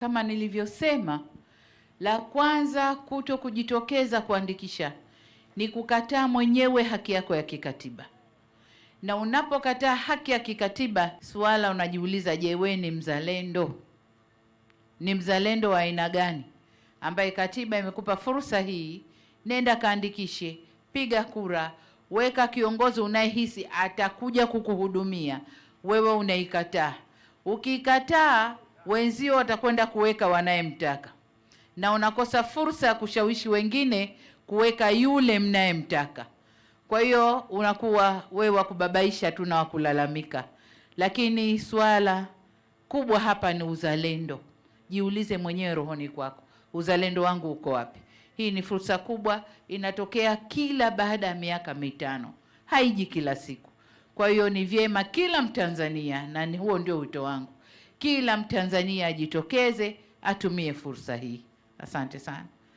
Kama nilivyosema, la kwanza kuto kujitokeza kuandikisha ni kukataa mwenyewe haki yako ya kikatiba, na unapokataa haki ya kikatiba suala unajiuliza, je, wewe ni mzalendo? Ni mzalendo wa aina gani ambaye katiba imekupa fursa hii? Nenda kaandikishe, piga kura, weka kiongozi unayehisi atakuja kukuhudumia. Wewe unaikataa, ukikataa wenzio watakwenda kuweka wanayemtaka, na unakosa fursa ya kushawishi wengine kuweka yule mnayemtaka. Kwa hiyo unakuwa we wa kubabaisha tu na wakulalamika kulalamika, lakini swala kubwa hapa ni uzalendo. Jiulize mwenyewe rohoni kwako, uzalendo wangu uko wapi? Hii ni fursa kubwa, inatokea kila baada ya miaka mitano, haiji kila siku. Kwa hiyo ni vyema kila Mtanzania, na ni huo ndio wito wangu kila Mtanzania ajitokeze atumie fursa hii. Asante sana.